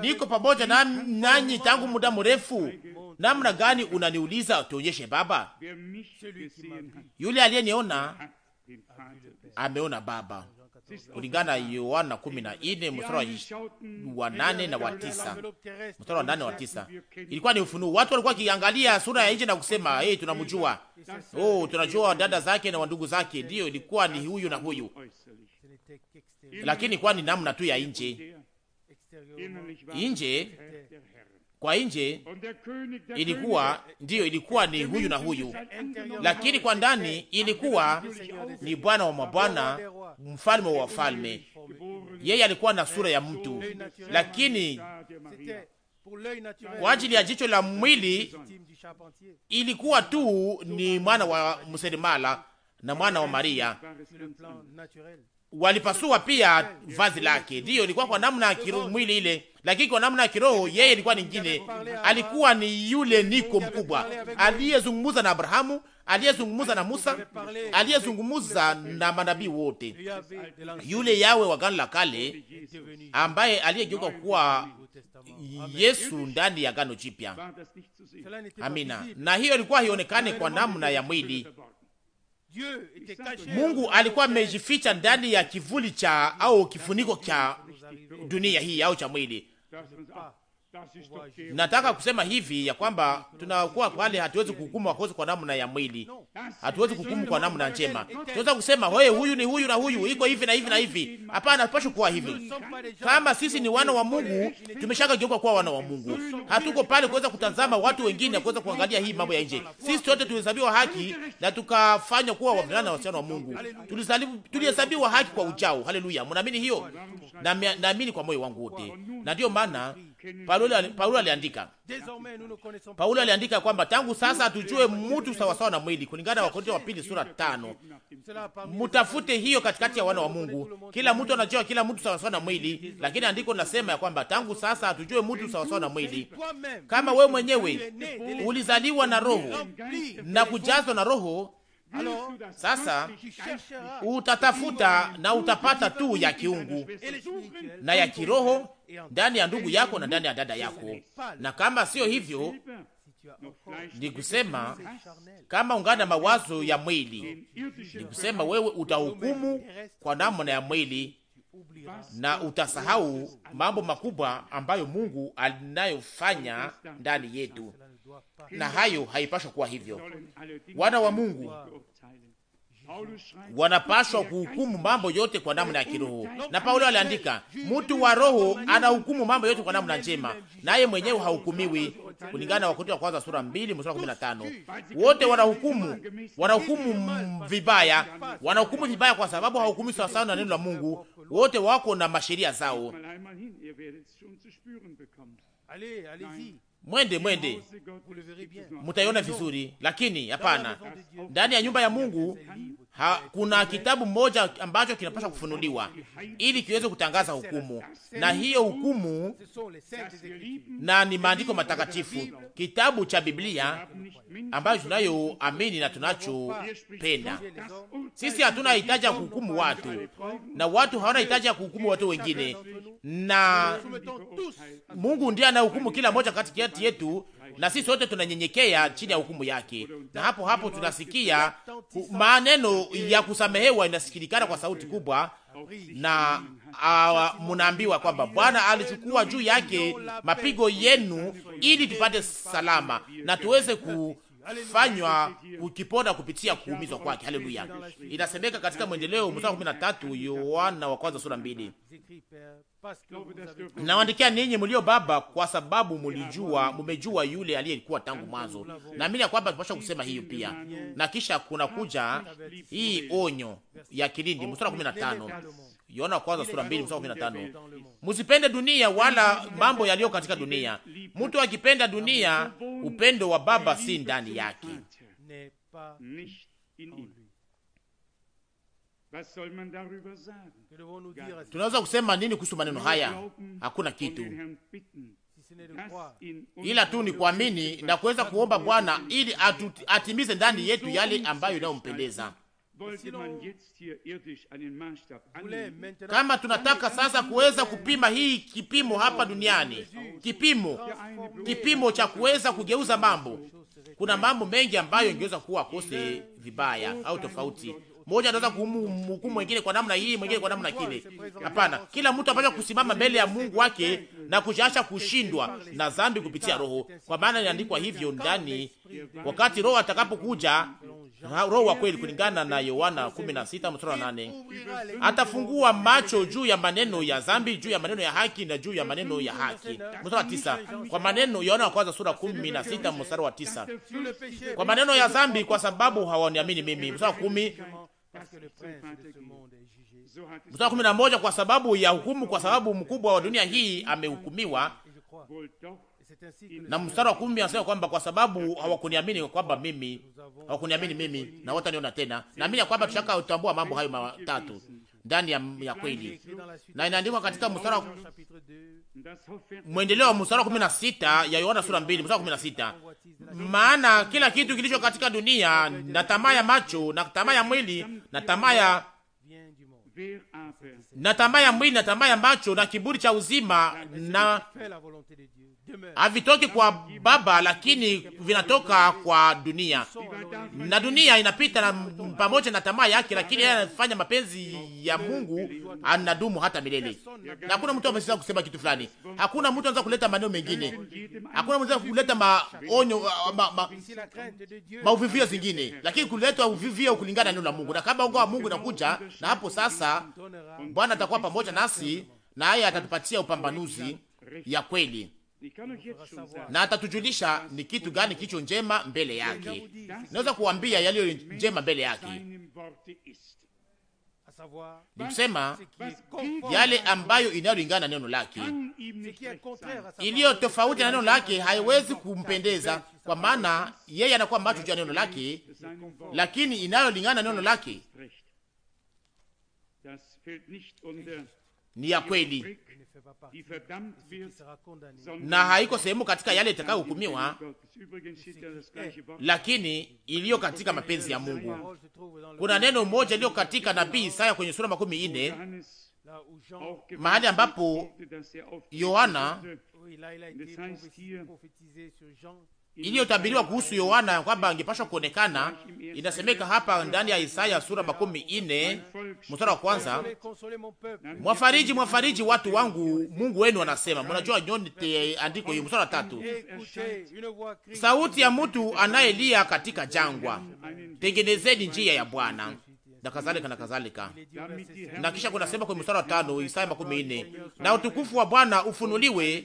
niko pamoja na nanyi tangu muda mrefu, namna gani unaniuliza tuonyeshe Baba? Yule aliyeniona ameona Baba, kulingana na Yohana kumi na nne mstari wa nane na wa tisa. Mstari wa nane wa tisa ilikuwa ni ufunuo. Watu walikuwa wakiangalia sura ya nje na kusema hey, tunamjua, oh, tunajua dada zake na wandugu zake. Ndiyo, ilikuwa ni huyu na huyu, lakini ilikuwa ni namna tu ya nje. Nje kwa nje ilikuwa ndiyo, ilikuwa ni huyu na huyu, lakini kwa ndani ilikuwa ni Bwana wa mabwana, mfalme wa wafalme. Yeye alikuwa na sura ya mtu, lakini kwa ajili ya jicho la mwili ilikuwa tu ni mwana wa mseremala na mwana wa Maria walipasua pia vazi lake. Ndiyo, ilikuwa kwa namna ya mwili ile, lakini kwa namna ya kiroho yeye ilikuwa ningine. Alikuwa ni yule niko mkubwa aliyezungumza na Abrahamu, aliyezungumza na Musa, aliyezungumza na manabii wote, yule yawe wa gano la kale, ambaye aliyegeuka kuwa Yesu ndani ya gano jipya. Amina. Na hiyo ilikuwa haionekane kwa namna ya mwili, Mungu alikuwa amejificha ndani ya kivuli cha au kifuniko cha dunia hii au cha mwili Nataka kusema hivi ya kwamba tunakuwa pale, hatuwezi kuhukumu wakozi kwa namna ya mwili, hatuwezi kuhukumu kwa namna njema. Tunaweza kusema wewe, huyu ni huyu na huyu iko hivi na hivi na hivi. Hapana, hatupashi kuwa hivi. Kama sisi ni wana wa Mungu, tumeshaka tumeshakageuka kuwa wana wa Mungu. Hatuko pale kuweza kutazama watu wengine na kuweza kuangalia hii mambo ya nje. Sisi wote tulihesabiwa haki na tukafanywa kuwa wavulana na wasichana wa Mungu. Tulihesabiwa haki kwa ujao. Haleluya, mnaamini hiyo? Naamini kwa moyo wangu wote, na ndio maana Paulo aliandika, Paulo aliandika kwamba tangu sasa tujue mtu sawasawa na mwili, kulingana na Wakorintho wa pili sura tano. Mutafute hiyo katikati ya wana wa Mungu. Kila mtu anajua kila mtu sawasawa na mwili, lakini andiko linasema ya kwamba tangu sasa tujue mtu sawasawa na mwili. Kama wewe mwenyewe ulizaliwa na roho na kujazwa na roho sasa utatafuta na utapata tu ya kiungu na ya kiroho ndani ya ndugu yako na ndani ya dada yako, na kama sio hivyo ni kusema kama ungana mawazo ya mwili, ni kusema wewe utahukumu kwa namna ya mwili na utasahau mambo makubwa ambayo Mungu anayofanya ndani yetu na hayo haipashwa kuwa hivyo. Wana wa Mungu wanapashwa kuhukumu mambo yote kwa namna ya kiroho, na Paulo aliandika, mtu wa roho anahukumu mambo yote kwa namna njema, naye mwenyewe hahukumiwi, kulingana na Wakorintho wa kwanza sura 2 mstari 15. Wote wanahukumu, wanahukumu vibaya, wanahukumu vibaya kwa sababu hahukumiwi sawa sawa na neno la Mungu. Wote wako na masheria zao. Mwende, mwende, mutaiona vizuri, lakini hapana ndani ya nyumba ya Mungu ha, kuna kitabu moja ambacho kinapasha kufunuliwa ili kiweze kutangaza hukumu, na hiyo hukumu na ni maandiko matakatifu, kitabu cha Biblia ambacho tunayoamini na tunachopenda. Sisi hatuna hitaji ya kuhukumu watu na watu hawana hitaji ya kuhukumu watu wengine, na Mungu ndiye anahukumu kila moja kati yetu na sisi wote tunanyenyekea chini ya hukumu yake, na hapo hapo tunasikia maneno ya kusamehewa inasikilikana kwa sauti kubwa, na ah, munaambiwa kwamba Bwana alichukua juu yake mapigo yenu ili tupate salama na tuweze ku fanywa ukiponda kupitia kuumizwa kwake. Haleluya! Inasemeka katika mwendeleo mstari wa 13 Yohana wa kwanza sura mbili nawandikia ninyi mlio baba, kwa sababu mlijua, mumejua yule aliyekuwa tangu mwanzo. Naamini ya kwamba tupasha kusema hiyo pia, na kisha kuna kuja hii onyo ya kilindi, oh, mstari wa 15 Yohana kwanza sura 2 mstari wa 15, msipende dunia wala mambo yaliyo katika dunia. Mtu akipenda dunia, upendo wa baba si ndani yake. Tunaweza kusema nini kuhusu maneno haya? Hakuna kitu ila tu ni kuamini na kuweza kuomba Bwana ili atu, atimize ndani yetu yale ambayo inayompendeza. Kama tunataka sasa kuweza kupima hii kipimo hapa duniani, kipimo kipimo cha kuweza kugeuza mambo, kuna mambo mengi ambayo ingeweza kuwa akose vibaya au tofauti mmoja anaweza kumhukumu mwingine kwa namna hii, mwingine kwa namna kile. Hapana, kila mtu anapaswa kusimama mbele ya Mungu wake na kushasha kushindwa na dhambi kupitia Roho, kwa maana inaandikwa hivyo ndani, wakati Roho atakapokuja, Roho wa kweli, kulingana na Yohana 16:8 atafungua macho juu ya maneno ya dhambi, juu ya maneno ya haki na juu ya maneno ya haki. Mstari wa tisa, kwa maneno Yohana wa kwanza sura 16 mstari wa tisa, kwa maneno ya dhambi, kwa sababu hawaniamini mimi. Mstari wa 10 mstari kumi na moja kwa sababu ya hukumu, kwa sababu mkubwa wa dunia hii amehukumiwa. Na mstari wa kumi anasema kwamba kwa sababu hawakuniamini kwamba mimi hawakuniamini mimi na wataniona tena. Naamini ya kwamba tushaka utambua mambo hayo matatu ndani ya, ya kweli, na inaandikwa katika mstari mwendeleo wa mstari wa sita ya Yohana sura mbili mstari wa sita maana kila kitu kilicho katika dunia na tamaa ya macho na tamaa ya mwili na tamaa ya na tamaa ya mwili na tamaa ya macho na kiburi cha uzima na havitoki kwa Baba, lakini vinatoka kwa dunia, na dunia inapita na pamoja na tamaa yake, lakini yeye anafanya mapenzi ya Mungu anadumu hata milele. Na hakuna mtu ameweza kusema kitu fulani, hakuna mtu anaweza kuleta maneno mengine, hakuna mtu anaweza kuleta maonyo ma, ma, mauvivio zingine, lakini kuleta uvivio kulingana na neno la Mungu. Na kama ungo wa Mungu inakuja, na hapo sasa Bwana atakuwa pamoja nasi na yeye atatupatia upambanuzi ya kweli na atatujulisha ni kitu gani kicho njema mbele yake. Naweza kuwambia yaliyo njema mbele yake ni kusema yale ambayo inayolingana na neno lake. Iliyo tofauti na neno lake haiwezi kumpendeza, kwa maana yeye anakuwa macho juu ya neno lake, lakini inayolingana na neno lake ni ya kweli na haiko sehemu katika yale itakayohukumiwa, lakini iliyo katika mapenzi ya Mungu. Kuna neno moja iliyo katika nabii Isaya kwenye sura makumi ine mahali ambapo Yohana iliyotabiriwa kuhusu Yohana kwamba angepashwa kuonekana, inasemeka hapa ndani ya Isaya sura makumi ine mstari wa kwanza: mwafariji mwafariji watu wangu, Mungu wenu anasema. Mnajua nyote andiko hiyo, mstari wa tatu: sauti ya mtu anayelia katika jangwa, tengenezeni njia ya Bwana na kadhalika na kadhalika. Na kisha kunasema kwenye mstari wa tano Isaya makumi ine, na utukufu wa Bwana ufunuliwe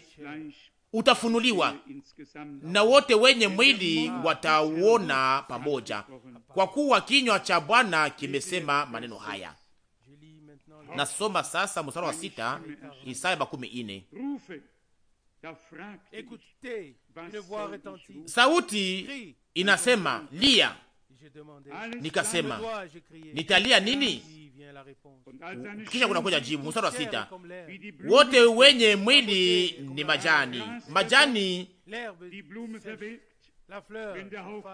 utafunuliwa na wote wenye mwili watauona pamoja, kwa kuwa kinywa cha Bwana kimesema maneno haya. Nasoma sasa mstari wa sita, Isaya makumi ine. Sauti inasema lia, nikasema nitalia nini? Kisha kunakuja jibu, mstari wa sita: wote wenye mwili ni majani, majani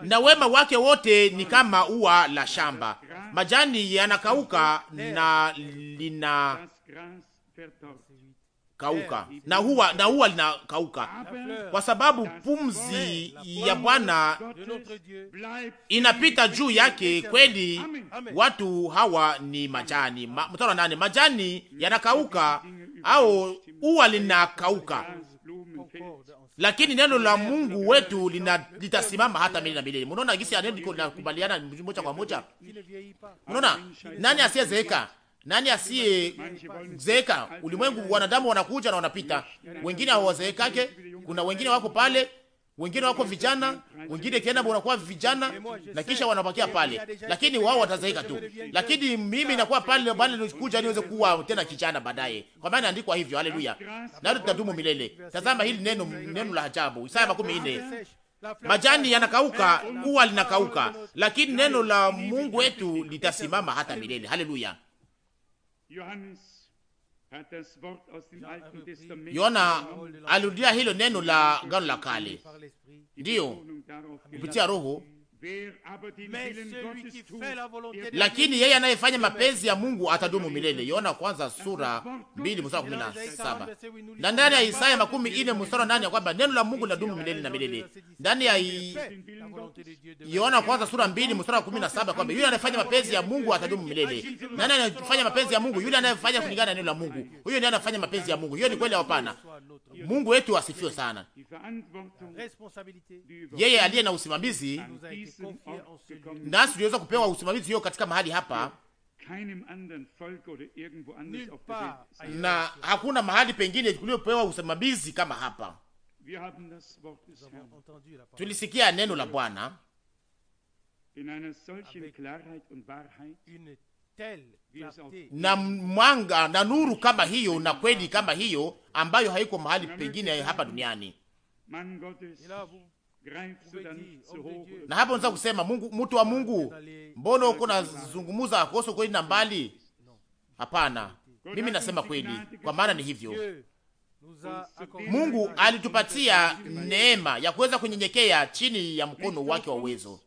na wema wake wote ni kama ua la shamba. Majani yanakauka na lina kauka na huwa na huwa linakauka, kwa sababu pumzi ya Bwana inapita juu yake. Kweli watu hawa ni majani Ma, mtoro nane majani yanakauka au huwa linakauka, lakini neno la Mungu wetu lina, litasimama hata milele na milele. Mnaona gisi ya linakubaliana moja kwa moja. Mnaona nani asiyezeeka nani asiye asiyezeeka? Ulimwengu, wanadamu wanakuja na wanapita, wengine hawazeekake. Kuna wengine wako pale, wengine wako vijana, wengine kienda wanakuwa vijana na kisha wanabakia pale, lakini wao watazeeka tu. Lakini mimi nakuwa pale bali nikuja niweze kuwa tena kijana baadaye, kwa maana andikwa hivyo. Haleluya, na tutadumu milele. Tazama hili neno, neno la ajabu, Isaya makumi nne majani yanakauka, ua linakauka, lakini neno la Mungu wetu litasimama hata milele. Haleluya. Yohana alirudia hilo neno la gano la kale, ndiyo kupitia Roho lakini yeye anayefanya mapenzi ya Mungu atadumu milele. Yohana kwanza sura mbili mstari kumi na saba na ndani ya Isaya makumi ine mstari nane ya kwamba neno la Mungu linadumu milele na milele. Ndani ya Yohana kwanza sura mbili mstari wa kumi na saba kwamba yule anayefanya mapenzi ya Mungu atadumu milele. Nani anayefanya mapenzi ya Mungu? Yule anayefanya kulingana na neno la Mungu. Huyo ndiye anafanya mapenzi ya Mungu. Hiyo ni kweli, hapana? Mungu wetu asifiwe sana yeye aliye na usimamizi, nasi tuliweza kupewa usimamizi hiyo katika mahali hapa na hakuna mahali pengine kuliopewa usimamizi kama hapa. Tulisikia neno la Bwana na mwanga na nuru kama hiyo na kweli kama hiyo ambayo haiko mahali pengine hapa duniani na hapo nza kusema Mungu, mtu wa Mungu, mbona uko nazungumuza kuhusu kweli na mbali? Hapana, mimi nasema kweli, kwa maana ni hivyo. Mungu alitupatia neema ya kuweza kunyenyekea chini ya mkono wake wa uwezo.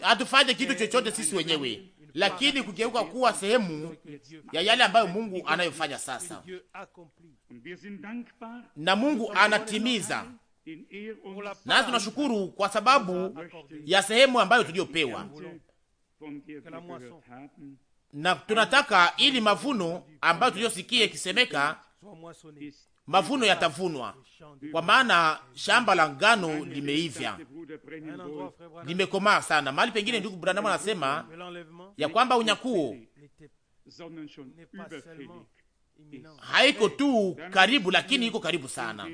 Hatufanye kitu chochote sisi wenyewe, lakini kugeuka kuwa sehemu ya yale ambayo Mungu anayofanya sasa na Mungu anatimiza, nasi tunashukuru kwa sababu ya sehemu ambayo tuliyopewa, na tunataka ili mavuno ambayo tuliyosikia ikisemeka, mavuno yatavunwa, kwa maana shamba la ngano limeivya, limekomaa sana. Mahali pengine ndugu Branham anasema ya kwamba unyakuo haiko tu karibu, lakini iko karibu sana.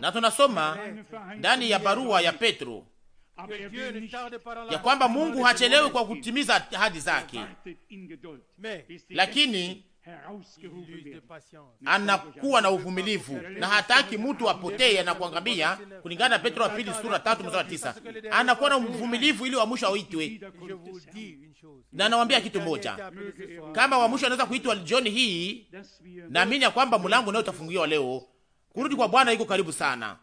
Na tunasoma ndani ya barua ya Petro ya kwamba Mungu hachelewi kwa kutimiza ahadi zake, lakini anakuwa na uvumilivu na hataki mtu apotee na kuangamia, kulingana na Petro wa pili sura tatu mstari tisa. Anakuwa na uvumilivu ili wamwisho awitwe aitwe, na anawambia kitu moja, kama wa mwisho anaweza kuitwa jioni hii, naamini ya kwamba mlango nao utafunguliwa leo. Kurudi kwa Bwana iko karibu sana,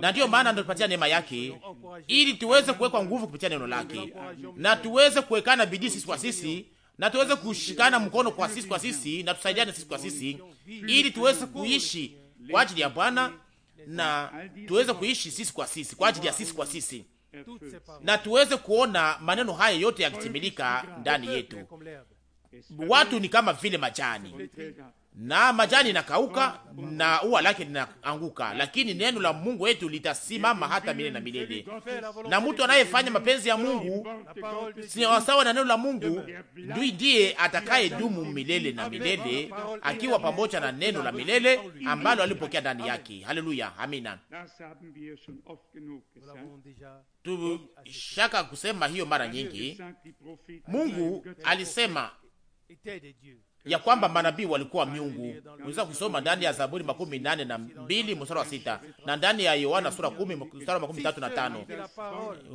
na ndiyo maana anatupatia neema yake ili tuweze kuwekwa nguvu kupitia neno lake na tuweze kuwekana bidii sisi kwa sisi na tuweze kushikana mkono kwa sisi kwa sisi na tusaidiane sisi kwa sisi, ili tuweze kuishi kwa ajili ya Bwana na tuweze kuishi sisi kwa sisi kwa ajili ya sisi kwa sisi, na tuweze kuona maneno haya yote yakitimilika ndani yetu. Watu ni kama vile majani na majani inakauka na ua lake linaanguka, lakini neno la Mungu wetu litasimama hata milele na milele. Na mtu anayefanya mapenzi ya Mungu sawasawa na neno la Mungu ndiye atakaye dumu milele na milele, akiwa pamoja na neno la milele ambalo alipokea ndani yake. Haleluya, amina. Tushaka kusema hiyo mara nyingi. Mungu alisema ya kwamba manabii walikuwa miungu. Unaweza kusoma ndani ya Zaburi makumi nane na mbili mstari wa sita na ndani ya Yohana sura kumi mstari wa makumi tatu na tano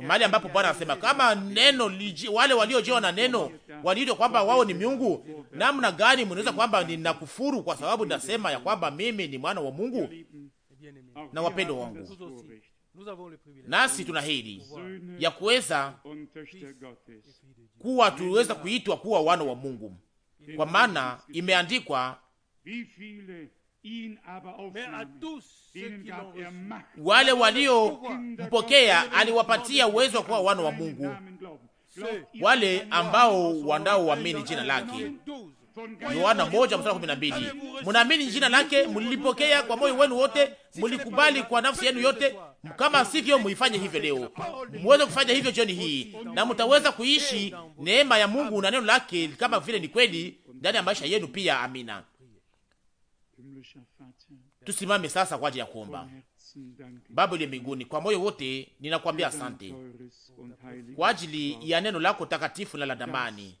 mahali ambapo Bwana anasema kama neno liji, wale waliojiwa na neno walio kwamba wao ni miungu, namna gani mnaweza kwamba ninakufuru kwa sababu nasema ya kwamba mimi ni mwana wa Mungu na wapendo wangu nasi tuna hili ya kuweza kuwa tuweza kuitwa kuwa wana wa Mungu kwa maana imeandikwa, wale waliompokea aliwapatia uwezo wa kuwa wana wa Mungu, wale ambao wanaoamini jina lake. Yohana moja mstari kumi na mbili. Munaamini jina lake, mulilipokea kwa moyo wenu wote, mulikubali kwa nafsi yenu yote, kama sivyo, muifanye hivyo leo, muweze kufanya hivyo jioni hii, na mtaweza kuishi neema ya Mungu na neno lake kama vile ni kweli ndani ya maisha yenu pia. Amina. Tusimame sasa kwa ajili ya kuomba. Baba ya mbinguni, kwa moyo wote ninakwambia asante kwa ajili ya neno lako takatifu na la damani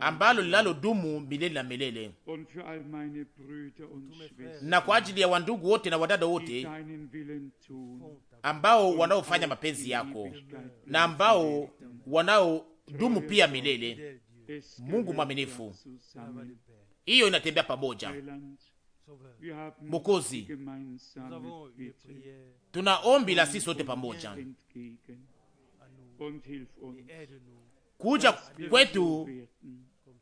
ambalo linalodumu milele na milele, na kwa ajili ya wandugu wote na wadada wote ambao wanaofanya mapenzi yako na ambao wanaodumu pia milele. Mungu mwaminifu, hiyo inatembea pamoja Mokozi. Tuna ombi la sisi sote pamoja, kuja kwetu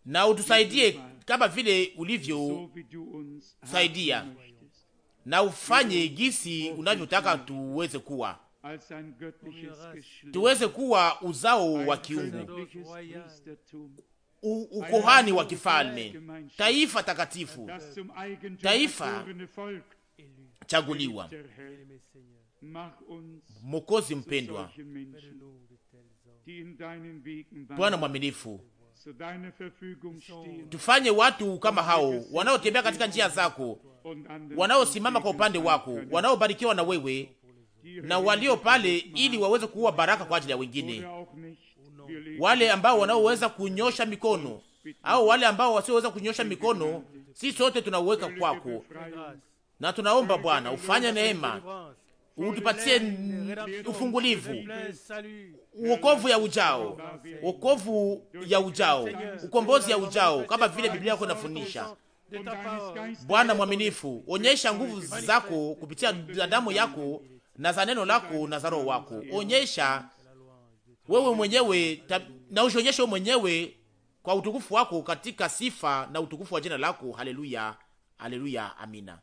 na utusaidie kama vile ulivyo saidia na ufanye gisi unavyotaka tuweze kuwa tuweze kuwa uzao wa kiungu ukohani wa kifalme, taifa takatifu, taifa chaguliwa. Mokozi mpendwa, Bwana mwaminifu, tufanye watu kama hao wanaotembea katika njia zako, wanaosimama kwa upande wako, wanaobarikiwa na wewe na walio pale, ili waweze kuwa baraka kwa ajili ya wengine wale ambao wanaoweza kunyosha mikono au wale ambao wasioweza kunyosha mikono, si sote tunaweka kwako, na tunaomba Bwana ufanye neema, utupatie ufungulivu, uokovu ya ujao, uokovu ya ujao, ukombozi ya ujao, kama vile Biblia yako inafundisha. Bwana mwaminifu, onyesha nguvu zako kupitia damu yako na za neno lako na za roho wako, onyesha wewe mwenyewe na ushonyeshe wewe mwenyewe kwa utukufu wako katika sifa na utukufu wa jina lako. Haleluya, haleluya, amina.